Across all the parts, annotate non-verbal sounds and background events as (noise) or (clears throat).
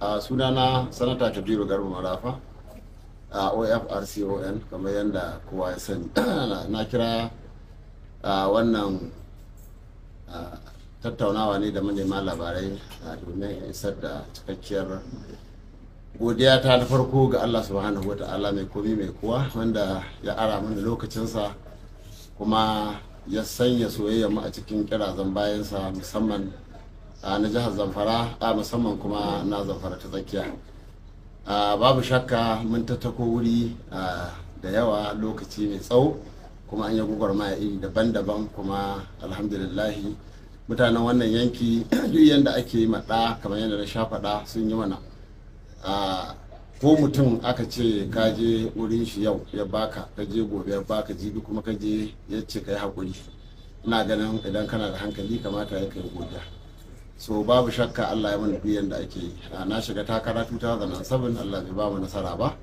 a sunana sanata kabiru garba marafa a ofrcon kamar yadda kowa ya sani (clears throat) na kira wannan tattaunawa ne da manema labarai a domin isar da cikakkiyar godiya ta na farko ga allah subhanahu wa ta'ala mai komi mai kowa wanda ya ara mana lokacinsa kuma ya sanya soyayya mu a cikin kirazan bayansa musamman na jihar zamfara a musamman kuma na zamfara ta tsakiya babu shakka mun tattako wuri da yawa lokaci mai tsawo kuma an yi gugwar iri daban-daban kuma alhamdulillahi mutanen wannan yanki (clears throat) duk yadda ake yi maɗa kamar yadda na sha sun yi mana ko mutum aka ce ka je wurin shi yau ya baka ka je gobe ya baka jibi kuma ka je ya ce ka yi haƙuri ina ganin idan kana da hankali kamata ya kai godiya so babu shakka Allah ya mana biyan da ake yi na shiga takara 2007 Allah bai ba mu nasara ba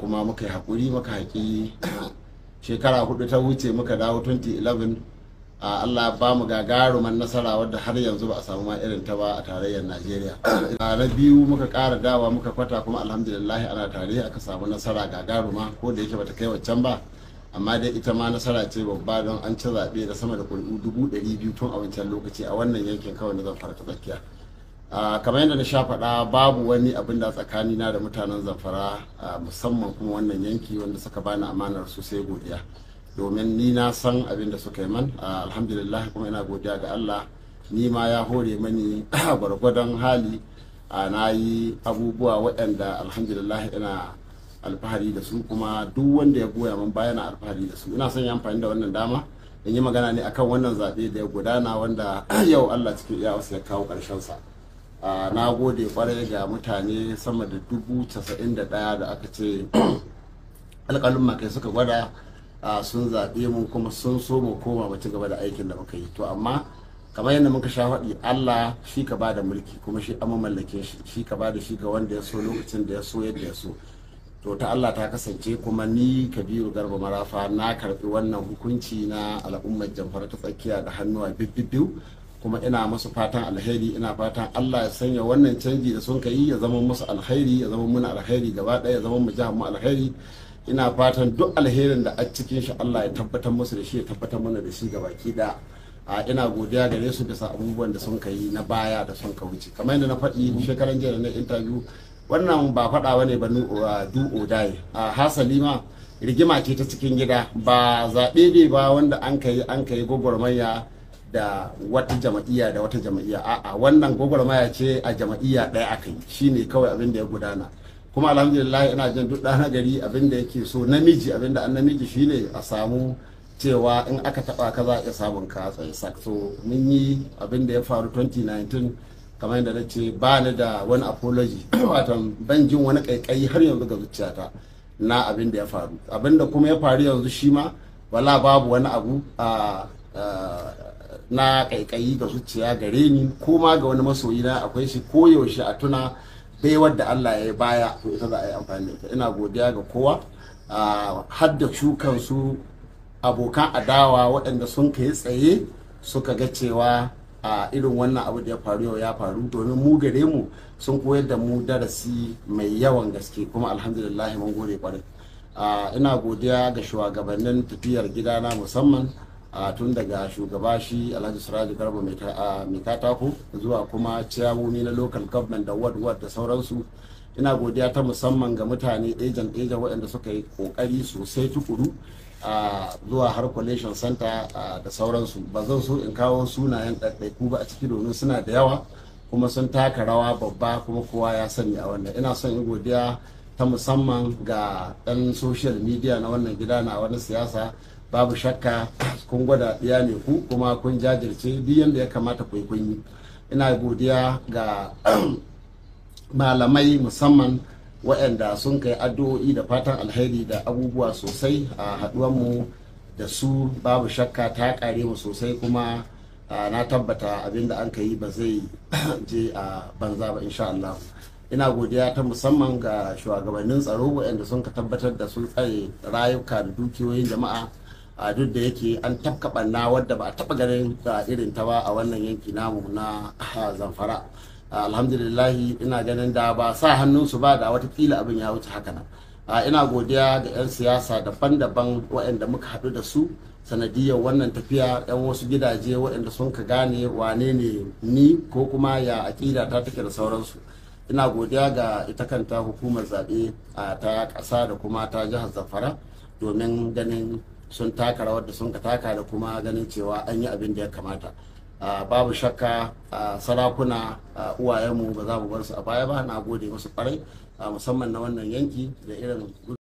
kuma muka yi hakuri muka haƙi (coughs) shekara hudu ta wuce muka dawo 2011 Allah ba mu gagaruman nasara wadda har yanzu ba a samu ma irin ta ba a tarayyar Najeriya (coughs) na biyu muka ƙara dawa muka kwata kuma alhamdulillah ana tare aka samu nasara gagaruma ko da yake bata kai waccan ba amma dai ita ma nasara ce babba don an ci zaɓe da sama da kuri'u dubu ɗari biyu tun a wancan lokaci a wannan yankin kawai na zamfara ta tsakiya kamar yadda na sha faɗa babu wani abin da tsakanina da mutanen zamfara musamman kuma wannan yanki wanda suka bani amanar su sai godiya domin ni na san abin da suka yi man alhamdulillah kuma ina godiya ga allah ni ma ya hore mani (clears throat) gwargwadon hali na yi abubuwa waɗanda alhamdulillah ina alfahari da su kuma duk wanda ya goya min bayan alfahari da su ina son yi amfani da wannan dama in yi magana ne akan wannan zaɓe da ya gudana wanda (clears throat) yau Allah cikin wasu ya kawo sa na gode kwarai ga mutane sama da dubu casa'in da ɗaya da aka ce (clears throat) alƙalin makai suka gwada sun zaɓe mu kuma sun so mu koma mu ci gaba da aikin da muka yi to amma kamar yadda muka sha faɗi Allah shi ka ba da mulki kuma shi amma mallake shi ka ba shi ga wanda ya so lokacin da ya so yadda ya so to ta Allah ta kasance kuma ni Kabiru Garba Marafa na karbi wannan hukunci na al'ummar jamfara ta tsakiya da hannuwa bibbibiu kuma ina musu fatan alheri ina fatan Allah ya sanya wannan canji da sun kai ya zama musu alheri ya zama muna alheri gaba ɗaya ya zama mu jihar mu alheri ina fatan duk alherin da a cikin shi Allah ya tabbatar musu da shi ya tabbatar mana da shi gabaki da a ina godiya gare su bisa abubuwan da sun yi na baya da sun ka wuce kamar yadda na faɗi shekaran jiya na interview wannan ba faɗa wane ba du odai a hasali ma rigima ce ta cikin gida ba zaɓe ne ba wanda an kai an kai gwagwarmaya da wata jama'iyya da wata jama'iyya a'a wannan gwagwarmaya ce a jama'iyya ɗaya aka yi shine kawai abin da ya gudana kuma alhamdulillah ina jin duk ɗana gari abin da yake so namiji abin da an namiji shine a samu cewa in aka taɓa ka za a samun ka tsaye so mun yi abin da ya faru 2019 kamar yadda na ce ba ni da wani apology (clears throat) wato ban jin wani kaikayi har yanzu ga zuciyata na abin da ya faru abin da kuma ya faru yanzu shi ma wala babu wani abu a na kaikayi ga zuciya gare ni ko ma ga wani masoyi na akwai shi koyaushe a tuna baiwar da Allah ya yi baya to ita za a yi amfani da ina godiya ga kowa har da su abokan adawa waɗanda sun kai tsaye suka ga cewa a irin wannan abu da ya faru yau ya faru domin mu gare mu sun koyar da mu darasi mai yawan gaske kuma alhamdulillah mun gode kwarai ina godiya ga shugabannin tafiyar gidana musamman a tun daga shugaba shi alhaji siraji garba mai katako zuwa kuma ciyawomi na local government da ward ward da sauransu ina godiya ta musamman ga mutane ejan ejan waɗanda suka yi ƙoƙari sosai tukuru a zuwa har collation center da sauransu ba zan so in kawo sunayen ɗaiɗaiku ba a ciki domin suna da yawa kuma sun taka rawa babba kuma kowa ya sani a wannan ina son in godiya ta musamman ga ɗan social media na wannan gida na wani siyasa babu shakka kun gwada ɗaya ne ku kuma kun jajirce duk da ya kamata ku kun yi ina godiya ga (clears throat) malamai musamman waɗanda sun kai addu'o'i da fatan alheri da abubuwa sosai a mu da su babu shakka ta ƙare mu sosai kuma na tabbata abinda an ka yi ba zai (clears throat) je a banza ba insha Allah ina godiya ta musamman ga shugabannin tsaro waɗanda sun ka tabbatar da sun tsaye rayuka da dukiyoyin jama'a a duk da yake an tafka banna wadda ba a taba ganin da irin ta ba a wannan yanki namu na zamfara alhamdulillahi ina ganin da ba sa hannunsu ba da wata fila abin ya wuce haka nan ina godiya ga 'yan siyasa daban-daban waɗanda muka haɗu da su sanadiyar wannan tafiya 'yan wasu gidaje waɗanda sun ka gane wane ne ni ko kuma ya aƙida ta take da sauransu ina godiya ga ita kanta hukumar zaɓe ta ƙasa da kuma ta jihar zamfara domin ganin sun taka rawar da sun ka taka da kuma ganin cewa an yi abin da ya kamata babu shakka sarakuna uwayenmu ba za mu bar su a baya ba na gode masu kwarai musamman na wannan yanki da irin